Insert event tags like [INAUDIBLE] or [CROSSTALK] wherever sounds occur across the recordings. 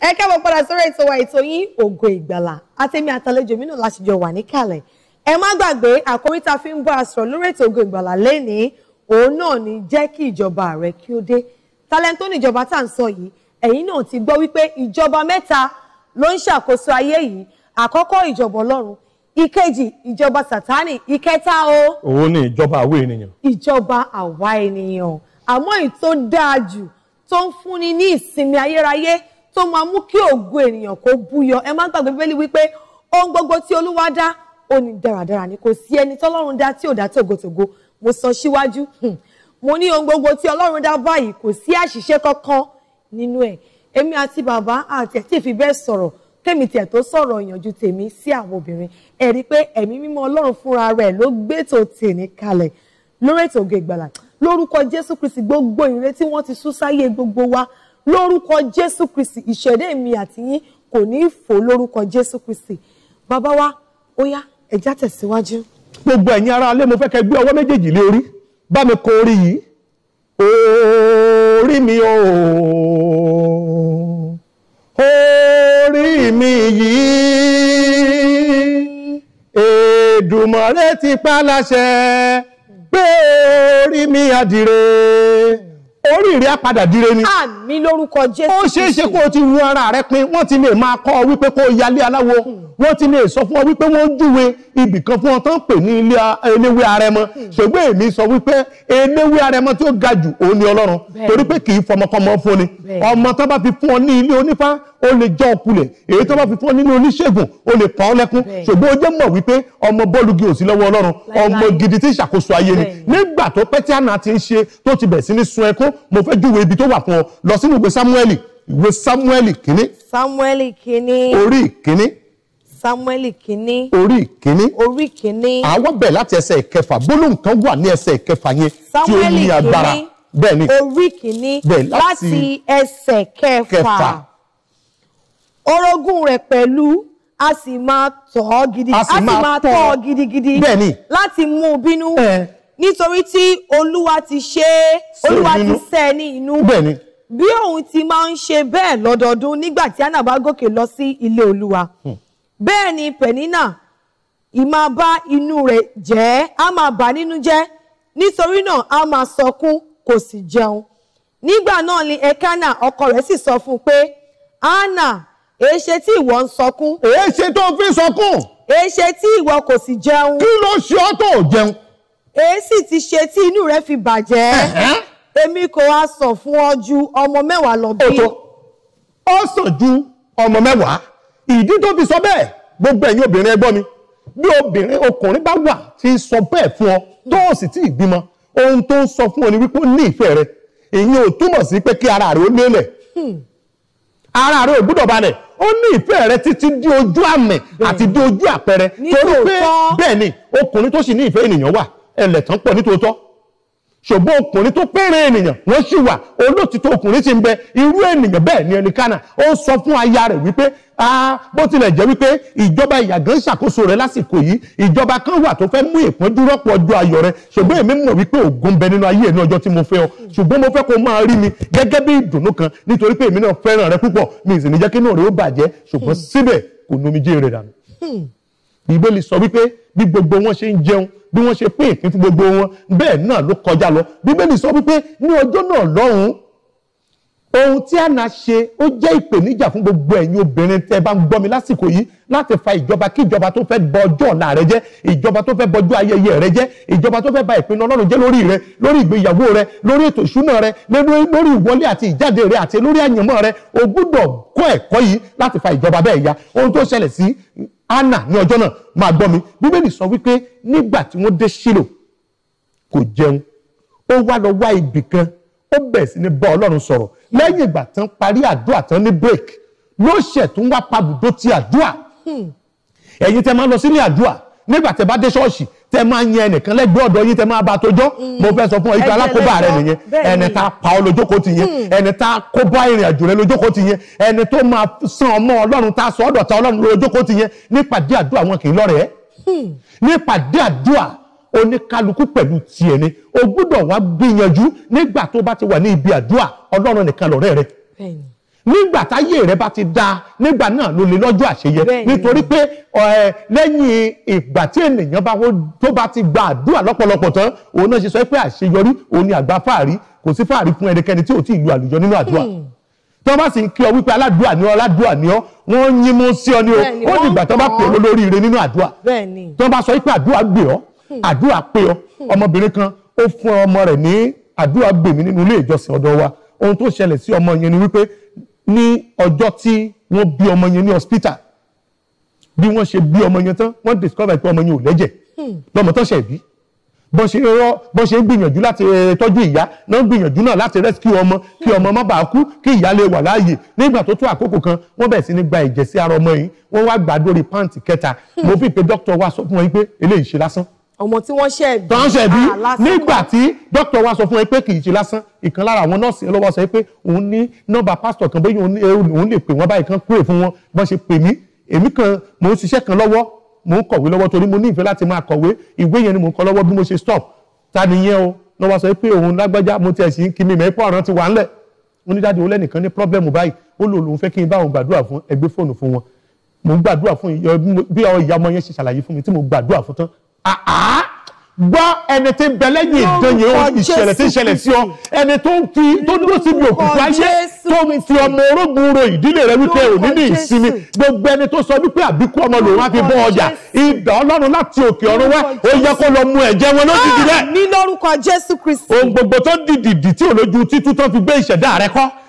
ẹ káàbọ̀ padà sórí ètò wa ètò yín ògo ìgbàlà àtẹ̀mí àtàlejò mi náà láti jọ wà níkàlẹ̀ ẹ má gbàgbé àkórí tá a fi ń bá a sọ̀rọ̀ lórí ètò ògo ìgbàlà lénìí òun náà ni jẹ́ kí ìjọba rẹ kí ó dé talento níjọba tá à ń sọ yìí ẹ̀yin náà ti gbọ́ wípé ìjọba mẹ́ta ló ń ṣàkóso ayé yìí àkọ́kọ́ ìjọba ọlọ́run ìkejì ìjọba sátánì ìkẹta o. òun ni ìjọba àwa ènìyàn. ìjọba àwa ènìyàn àmọ́ èyí dáa jù tó ń fúnni ní ìsinmi ayérayé tó máa mú kí ògo ènìyàn kó búyọ ẹ má gbàgbé bíbélì wípé ohun gbogbo tí olúwa dá ó ní dáradára ni kò sí ẹni tọ́lọ́run dá tí ò dá tògótògó mo sọ síwájú hmm. mo ní ohun gbogbo tí ọlọ́run dá báyìí kò sí àṣìṣe kankan nínú ẹ̀ èmi àti bàbá àti ẹ̀ tí ì fi bẹ́ẹ̀ sọ̀rọ̀ kémi tiẹ̀ tó sọ̀rọ̀ ìyànjú tèmi sí àwọn obìnrin ẹ rí i pé ẹ̀mí mímọ́ ọlọ́run fúnra rẹ̀ ló gbétò tèmi kalẹ̀ lórí ètò Ògo Ìgbàlà lórúkọ Jésù Kristi gbogbo ìre tí ti sún sáyé gbogbo wa lórúkọ jésù kristi ìṣẹ̀dẹ̀ mi àti yín kò ní í fò lórúkọ jésù kristi bàbá wa ó yá ẹ̀já tẹ̀síwájú. gbogbo ẹ̀yin ará alẹ́ mo fẹ́ kẹ́ gbé ọwọ́ méjèèjì lé orí bá mi kọ orí yìí orí mi ooo orí mi yìí Èdùmàrè ti pa láṣẹ pé orí mi àdìrẹ orí rẹ̀ á padà dire ni. àmì lórúkọ jésù. ó ṣeé ṣe kó o ti wun ara rẹ pin wọ́n ti lè máa kọ́ ọ wípé kó o yálé aláwo hmm. wọ́n ti lè sọ fún ọ wípé wọ́n júwe ibì kan fún ọ tán pè ní eléwé arẹmọ hmm. ṣùgbọ́n èmi sọ wípé eléwé arẹmọ tí ó ga jù òun ni ọlọ́run torí pé kì í fọmọkọmọ fún ni ọmọ tó bá fi fún ọ ní ilé onífá ó lè jọ ọkulẹ̀ èyí tó bá fi fún nínú oníṣègùn ó lè pa ọ́ lẹ́kún ṣùgbọ́n ó jẹ́ mọ̀ wípé ọmọ bọ́ọ̀lùgì ò sí lọ́wọ́ ọlọ́run ọmọ gidi tí ń ṣàkóso ayé ni nígbà tó pẹ́ tí àná ti ń ṣe tó ti bẹ̀ sí ní sun ẹkún mo fẹ́ júwe ibi tó wà fún ọ lọ sínú ìwé Sámúẹ́lì ìwé Sámúẹ́lì kínní. Sámúẹ́lì kínní. orí kínní. Samueli kínní. Orí kínní. Orí kínní. Àwọn bẹ̀rẹ̀ láti ẹsẹ̀ ìkẹfà gbólóhùn kan wà ní ẹsẹ̀ ìkẹfà yẹn tí ó ní agbára. Samueli kínní. Bẹ́ẹ̀ni. Orí kínní. láti ẹsẹ̀ kẹfà. Kẹfà Orogun rẹ̀ pẹ̀lú a sì máa tọ̀ ọ́ gidi a sì máa tọ̀ ọ́ gidigidi láti mú un bínú nítorí tí olúwa ti ṣe é olúwa ti ṣẹ́ ní inú bí òun ti máa ń ṣe bẹ́ẹ̀ lọ́dọọdún nígbà tí anna bá gòkè lọ sí ilé olúwa hmm. bẹ́ẹ̀ ni penina ìmáa bá inú rẹ̀ jẹ́ á máa bà nínú jẹ́ nítorí náà á máa sọkún kò sì jẹun nígbà náà ni ekana ọkọ rẹ̀ sì sọ fún un pé anna èéṣe tí ìwọ ń sọkún. èéṣe tó fi sọkún. èéṣe tí ìwọ kò sì jẹun. kí ló ṣe ọ́ tó jẹun. èéṣì ti ṣe tí inú rẹ fi bàjẹ́. èmi kò wá sàn fún ọ ju ọmọ mẹ́wàá lọ bí. ó sàn ju ọmọ mẹ́wàá ìdí tó fi sọ bẹ́ẹ̀ gbogbo ẹ̀yin obìnrin ẹ gbọ́ mi bí obìnrin ọkùnrin bá wà tí sọ bẹ́ẹ̀ fún ọ tó o sì tí ì bímọ ohun tó ń sọ fún ọ ni wípé ó ní ìfẹ́ rẹ ìyẹn ò túmọ̀ sí pé kí ara rẹ ó lélẹ̀ hmm. ara rẹ ò gbúdọ̀ balẹ̀ ó ní ìfẹ́ rẹ títí di ojú àmì hmm. àti di ojú àpẹẹrẹ torí pé bẹ́ẹ̀ ni ọkùnrin tó sì ní ìfẹ́ ènìyàn wà ẹlẹ́tàn pọ̀ nítòótọ́ ṣùgbọ́n ọkùnrin tó péré ènìyàn wọ́n sì wà olótìtọ́ ọkùnrin sì ń bẹ irú ènìyàn bẹ́ẹ̀ ni ẹnìkanà ó sọ fún aya rẹ̀ wípé Ah, bó tilẹ̀ jẹ́ wípé ìjọba ìyàgán ṣàkóso rẹ lásìkò yìí ìjọba kan wà tó fẹ́ mú ìpọ́njú rọ́pò ọjọ́ ayọ̀ rẹ ṣùgbọ́n èmi mọ̀ wípé ògùn bẹ nínú ayé ẹ̀ ní ọjọ́ tí mo fẹ́ ọ ṣùgbọ́n mo fẹ́ kó máa rí mi gẹ́gẹ́ bí ìdùnnú kan nítorí pé èmi náà fẹ́ràn rẹ púpọ̀ mi ì sì ní jẹ́ kí inú rẹ ó bàjẹ́ ṣùgbọ́n hmm. síbẹ̀ kò nomijé rẹ dànù. Hmm. Bíbélì sọ wípé bí gbogbo wọn ṣe ń jẹun bí wọ́n ṣe pín ìpín fún gbogbo wọn bẹ́ẹ̀ náà ló kọjá lọ Bíbélì sọ wípé ohun tí àná ṣe ó jẹ́ ìpèníjà fún gbogbo ẹ̀yin obìnrin tẹ́ bá ń gbọ́ mi lásìkò yìí láti fa ìjọba kí ìjọba tó fẹ́ bọ ọjọ́ ọ̀la rẹ jẹ́ ìjọba tó fẹ́ bọjú ayẹyẹ rẹ jẹ́ ìjọba tó fẹ́ ba ìpinnu Ọlọ́run jẹ́ lórí rẹ lórí ìgbéyàwó rẹ lórí ètò ìṣúná rẹ lórí ìwọlé àti ìjáde rẹ àti lórí àyànmọ́ rẹ o gbúdọ̀ kọ́ ẹ̀kọ́ yìí láti fa ìjọba bẹ́ẹ̀ ya ohun tó ṣẹlẹ̀ sí Anna ní ọjọ́ náà máa gbọ́ mi Bíbélì sọ wípé nígbà tí wọ́n dé Ṣílò kò jẹun ó wá lọ wá ibì kan ó bẹ̀ sí ní bá Ọlọ́run sọ̀rọ̀ lẹ́yìn ìgbà tán parí àdúrà tán ní break ló ṣẹ̀ tó ń wá pabùdó ti àdúrà hmm. ẹ̀yin tẹ́ máa lọ sílé àdúrà nígbà tẹ́ bá dé ṣọ́ọ̀ṣì tẹ́ máa yan ẹnìkan lẹ́gbẹ̀ẹ́ ọ̀dọ̀ yín tẹ́ máa bá tojọ́ hmm. mo fẹ́ sọ fún ọ ibi alákóbá rẹ nìyẹn ẹni tá a pa ọ lójókòó ti yẹn hmm. ẹni tá a kó bá ìrìn àjò rẹ lójókòó ti yẹn ẹni tó máa san ọmọ ọlọ́run tá a sọ ọ̀dọ̀ ta ọlọ́run lójókòó ti yẹn nípàdé àdúrà wọn kì í lọ́rẹ̀ẹ́ nípàdé àdúrà oníkálukú pẹ̀lú tiẹ̀ ni o gbúdọ̀ wá gbìyànjú nígbà tó bá ti wà ní ibi àdúrà ọlọ́run nìkan lọ̀rẹ́ rẹ nígbà táyé rẹ bá ti dáa nígbà náà ló lè lọ́jọ́ àṣeyẹ nítorí pé lẹ́yìn ìgbà tí ènìyàn bá tó bá ti gba àdúrà lọ́pọ̀lọpọ̀ tán òun náà ṣe sọ pé àṣeyọrí òun ni àgbà fáàrí kò sí fáàrí fún ẹnikẹ́ni tí ò tí ì lu àlùjọ nínú àdúrà hmm. tó bá sì ń kí ọ wípé aládùúà ni ọ aládùúà ni ọ wọ́n yín mú sí ọ ni o ó dìgbà tó bá pè ọ lórí ire nínú àdúrà tó bá sọ pé àdúrà gbè ọ Hmm. àdúrà pé ọ hmm. ọmọbìnrin kan ó fún ọmọ rẹ̀ ní àdúrà gbèmí nínú ilé ìjọsìn ọ̀dọ̀ wa ohun tó ṣẹlẹ̀ sí ọmọ yẹn ni wípé ní ọjọ́ tí wọ́n bí ọmọ yẹn ní hospital bí wọ́n ṣe bí ọmọ yẹn tán wọ́n discover pé ọmọ yẹn ò lẹ́jẹ̀ hmm. lọ́mọ tó ṣẹ̀ bí bọ́n ṣe rọ bọ́n ṣe gbìyànjú láti eh, tọ́jú ìyá náà gbìyànjú náà láti rescue ọmọ kí ọmọ má bàa kú kí ìyá lè wà láàyè nígbà tó tó àkókò kan wọ́n bẹ̀rẹ̀ sí ní gba ẹ̀jẹ̀ sí ara ọmọ yìí wọ́n wá gbàdórí pàǹtì kẹta mo fi pé dókítà wa sọ fún wọn yìí pé eléyìí ṣe lásán ọmọ tí wọ́n ṣe bí. tán ṣe bí ah, nígbà tí dókítà wa sọ fún ẹ pé kì í ṣe lásán ìkan lára àwọn nọ́ọ̀sì ọlọ́wọ́ sọ pé òun ní nọ́mbà pásítọ̀ kan bẹ́ẹ̀ òun lè pè wọ́n báyìí kan pè fún wọn bọ́n ṣe pè mí èmi kan mò ń ṣiṣẹ́ kan lọ́wọ́ mò ń kọ̀wé lọ́wọ́ torí mo ní ìfẹ́ láti máa kọ̀wé ìwé yẹn ni mò ń kọ lọ́wọ́ bí mo ṣe stop ta ni yẹn o lọ́wọ́ sọ pé òun lágbájá mo tiẹ̀ sí kí mi mẹ́ pọ̀ ọ̀ràn ti wà ńlẹ̀ ó ní dáàdi olẹ́nìkan ní pírọ́blẹ́mù báyìí ó lò lòun fẹ́ kí n bá òun gbàdúrà fún ẹgbẹ́ fóònù fún wọn mò ń gbàdúrà fún bí ìyá ọmọ yẹn ṣe ṣàlàyé fún mi tí mo gbàdúrà fún tán Ah, ah. gbọ́ ẹni tí ń bẹ lẹ́yìn ìdányè ìṣẹ̀lẹ̀ tí ń ṣẹlẹ̀ sí ọ ẹni tó ń fi tó dúró síbi òkùnkùn ayé tó ń fi ọmọ orógun ro ìdílé rẹ wípé ò ní ní ìsinmi gbogbo ẹni tó sọ wípé àbíkú ọmọ lòun á fi bọ́ ọjà ìdá ọlọ́run láti òkè ọ̀run wá ó yẹ kó lọ mú ẹ̀jẹ̀ wọn lójijì rẹ. Ah, ní lórúkọ jésù kristi. ohun gbogbo tó dìdìdì tí olójú títú tó fi gbé ìṣẹ̀dá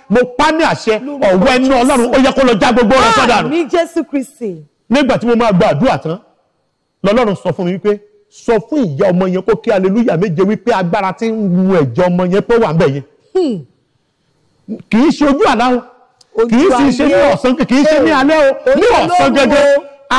mo pa ní àṣẹ ọ̀wọ́ ẹnu ọlọ́run ó yẹ kó lọ já gbogbo rẹ sọ́dà nù. ní jésù kristi. nígbà tí mo lọ́lọ́run sọ fún mi wípé sọ fún ìyá ọmọ yẹn kó kí aleluya méje wípé agbára tí ń wu ẹ̀jẹ̀ ọmọ yẹn pé wà ń bẹ̀ yẹn hmm. kì í ṣe ojú àlá o kì í sì ṣe ní ọ̀sán kì í ṣe ní alẹ́ o ní ọ̀sán gẹ́gẹ́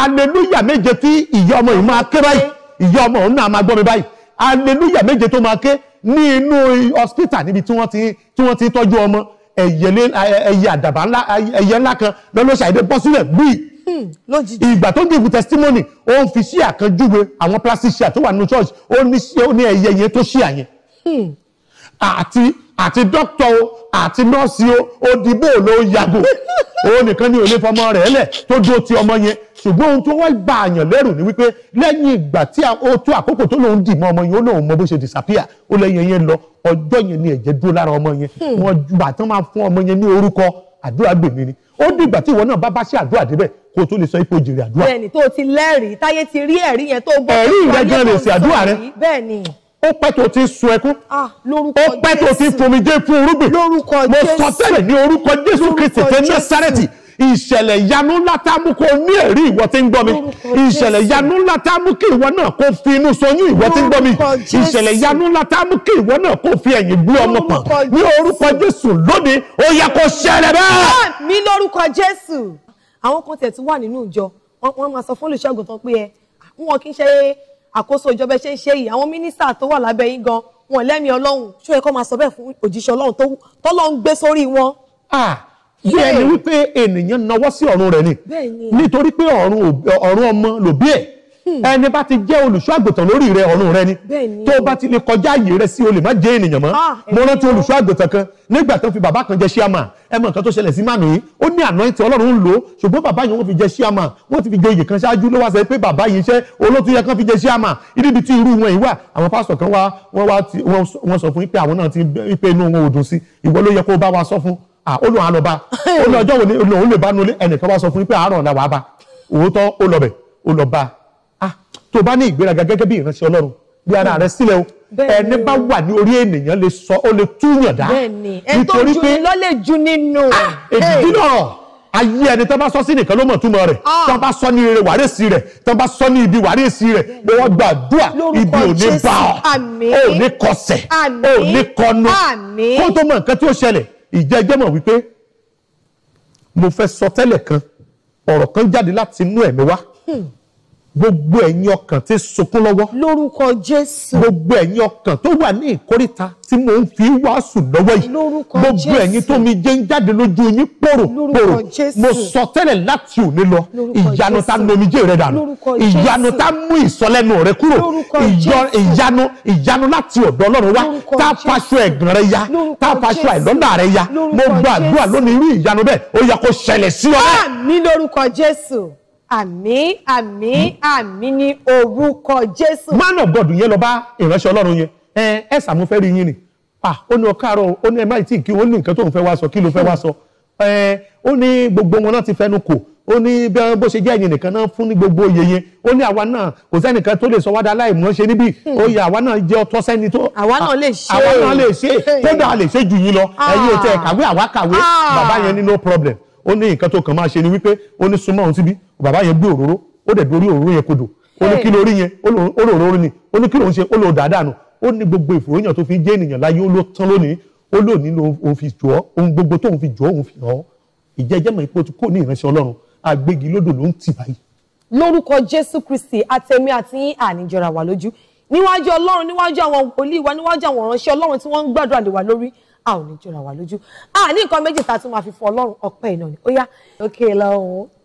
aleluya méje tí ìyá ọmọ yìí máa ké báyìí ìyá ọmọ òun náà máa gbọ́ mi báyìí aleluya méje tó máa ké ní inú hospital níbi tí wọ́n ti tọ́jú ọmọ ẹ̀yẹ àdàbà ńlá ẹ̀yẹ ńlá kan lọ́lọ́ṣà ìdẹ́ bọ́ sílẹ̀ bíi Hmm, ìgbà tó ń dìbò testimony ó ń fi ṣíà kan júwe àwọn plastic ṣíà tó wà nínú church ó ní ẹyẹ yẹn tó ṣíà yẹn hmm. àti àti dókítà o àti nọ́ọ̀sì o òdìbò ló ń yàgò òun [LAUGHS] nìkan ni ò lè fọmọ rẹ̀ lẹ̀ tó dúró ti ọmọ yẹn ṣùgbọ́n ohun tó wá bá àyàn lẹ́rù ni wípé lẹ́yìn ìgbà tí ó tó àkókò tó lòun dì mọ́ ọmọ yẹn ó lòun mọ bó ṣe disappear ó lẹ́yìn yẹn lọ ọjọ́ yẹn ni ẹ̀jẹ̀ dúró lára ọmọ yẹn hmm. wọ́n bàtán máa fún ọmọ yẹn ní orúkọ àdúrà gbèmí ni ó dìgbà tí ìwọ náà bá bá ṣe àdúrà débẹ̀ kó o tó lè sọ ipò jèrè àdúrà. bẹ́ẹ̀ni tó o ti lẹ́rìí táyé ti rí ẹ̀rí yẹn tó gbọ́. ẹ̀rí yẹn gan lè ṣe àdúrà rẹ. bẹ́ẹ̀ni. ó pẹ́ tó ti sun ẹkún. ó pẹ́ tó ti fomijé fún irúgbìn. lórúkọ jésù mo sọ tẹ́lẹ̀ ní orúkọ jésù kristi tẹ́ násárẹ́tì ìṣẹ̀lẹ̀ ìyanu ńlá tá a mú kó ní èrí ìwọ tí ń gbọ́ mi ìṣẹ̀lẹ̀ ìyanu ńlá tá a mú kí ìwọ náà kó fi inú soyún ìwọ tí ń gbọ́ mi ìṣẹ̀lẹ̀ ìyanu ńlá tá a mú kí ìwọ náà kó fi ẹ̀yìn gbé ọmọ pọ̀n ní orúkọ Jésù lónìí ó yẹ kó ṣẹlẹ̀ bẹ́ẹ̀. mi lórúkọ Jésù àwọn kan tẹ̀ tún wà nínú ìjọ wọ́n máa sọ fún olùṣègùn tán pé ẹ wọn kì í ṣe àkóso ìjọba ṣe ń ṣe yìí àwọn mínísítà tó wà lábẹ́ yín gan wọn lẹ́mìí ọlọ́run ṣó yẹ kó máa sọ bẹ́ẹ̀ fún òjíṣẹ́ ọlọ́run tọ́lọ́ ń gbé sórí wọn. ah bí ẹni wípé ènìyàn nawọ́ sí ọ̀run rẹ̀ ni nítorí pé ọ̀run ọmọ lòbí ẹ̀ hmm. ẹni bá ti jẹ́ olùṣọ́ àgùntàn lórí rẹ ọ̀run rẹ ni tó bá ti lè kọjá àyè rẹ sí o lè má jẹ́ ènìyàn mọ́ ah, mo rántí olùṣọ́ àgùntàn kan nígbà tó fi bàbá kan jẹ ṣíàmà ẹ mọ nǹkan tó ṣẹlẹ̀ sí mànú yìí ó ní anointing ọlọ́run ń lò ṣùgbọ́n bàbá yìí wọ́n fi jẹ ṣíàmà wọ́n ti fi jẹ oyè kan ṣáájú ló wá sọ pé bàbá yìí iṣẹ́ olótúyẹ kan fi jẹ ṣíàmà níbi tí irú wọn yìí wà àwọn pásítọ̀ kan wá wọ́n sọ fún yín pé àwọn náà ti ń pè inú wọn ò dùn sí ìwọ ló yẹ kó bá wa sọ fún olùwà ah, lọ bá ó ní ọjọ́ wo ni olùwà lè bá nulẹ̀ ẹnìkan wá sọ fún yín pé àárọ̀ ọ̀la wàá bá òótọ́ ó lọ bẹ̀ ó lọ bá a ah, tó bá ní ìgbéraga gẹ́gẹ́ bí ìránṣẹ́ Ọlọ́run bí ara rẹ sílẹ̀ o ẹni bá wà ní orí ènìyàn lè sọ ó lè túyàn dá nítorí pé ah, èdìdí lọ̀rọ̀ ayé ẹni tó bá sọ sí nìkan ló mọ̀ túmọ̀ rẹ̀ tó bá sọ ní ire wàrí èsì rẹ̀ tó bá sọ ní ibi wàrí èsì rẹ̀ pé wọ́n gbàdúrà ibi ò ní bá ọ ò ní kọsẹ̀ ò ní kọnu kó tó mọ nǹkan tí ó ṣẹlẹ̀ ìjẹ́jẹ́ mọ̀ wípé mo fẹ́ sọ tẹ́lẹ̀ kan ọ̀rọ̀ kan jáde láti inú ẹ̀mí wá hmm gbogbo ẹ̀yin ọkàn tí sunkún lọ́wọ́. lórúkọ jésù. gbogbo ẹ̀yin ọkàn tó wà ní ìkóríta tí mò ń fi wàásù lọ́wọ́ yìí. lórúkọ jésù. gbogbo ẹ̀yin tó mi jẹ́ ń jáde lójú yín pòrò pòrò. mo sọ tẹ́lẹ̀ láti òní lọ. ìyanu tá nomijé rẹ dànù. ìyanu tá mú ìsọlẹ́nu rẹ kúrò. ìyanu ìyanu láti ọ̀dọ̀ ọlọ́run wá. tá paṣọ ẹ̀gàn rẹ ya. tá paṣọ àìlọ́lá rẹ ya. mo gbàdúrà lónìí irú ìyanu bẹ́ẹ̀ ó yẹ kó ṣẹlẹ̀ sí ọ àmín àmín àmín ní orúkọ jésù. man of god yẹn lọ bá ìránṣẹ́ ọlọ́run yẹn ẹ ẹ sàmú fẹ́ rí yín ni ó ní ọkọ àárọ̀ ó ní ẹ má ì tí kí ó ní nǹkan tó ń fẹ́ wá sọ kí ló fẹ́ wá sọ ó ní gbogbo wọn náà ti fẹnu kò ó ní bó ṣe jẹ́ ẹ̀yin nìkan náà fún ní gbogbo oyè yẹn ó ní àwa náà kò sẹ́nìkan tó lè sọ wádà aláìmọ́ṣe níbí hmm. oyè àwa náà jẹ́ ọtọ́ sẹ́ni tó àwa náà lè ṣe àwa náà lè ṣe kódà lè ṣe jù yín lọ ah. ẹ̀yin ò tẹ̀ kàwé àwa kàwé ah. bàbá yẹn ní no problem ó ní nǹkan tó kàn máa ṣe ni wípé ó ní súnmọ́ òun síbí bàbá yẹn gbé òróró ó dẹ̀ dorí òróró yẹn kodò ó ní kí ló rí yẹn ó lò òróró ni ó ní kí lòun ṣe ó lò dáadáa nù ó ní gbogbo ìfòròyìn tó fi jẹ́ ènìyàn láyé ó ló tán lónìí ó lò nílò òun fi jọ́ ohun gbogbo tóun fi jọ́ òun fi hàn án ìjẹ́jẹ́ mọ̀ ipò tí kò ní ìránṣẹ́ Ọlọ́run agbégi lódò ló ń tì báyìí. lórúkọ Jésù Kristi àtẹmí àti àníjọra wà lójú níwájú Ọlọ́run níwájú àwọn wòlíì wa níwájú àwọn ìránṣẹ́ Ọlọ́run tí wọ́n ń gbàdúrà lé wa lórí a ò ní jọra wà lójú a ní nǹkan méjì tá a tún máa fi fọ ọlọ́run ọpẹ́ ìnáwó ó yá òkè lọ́hùn-ún.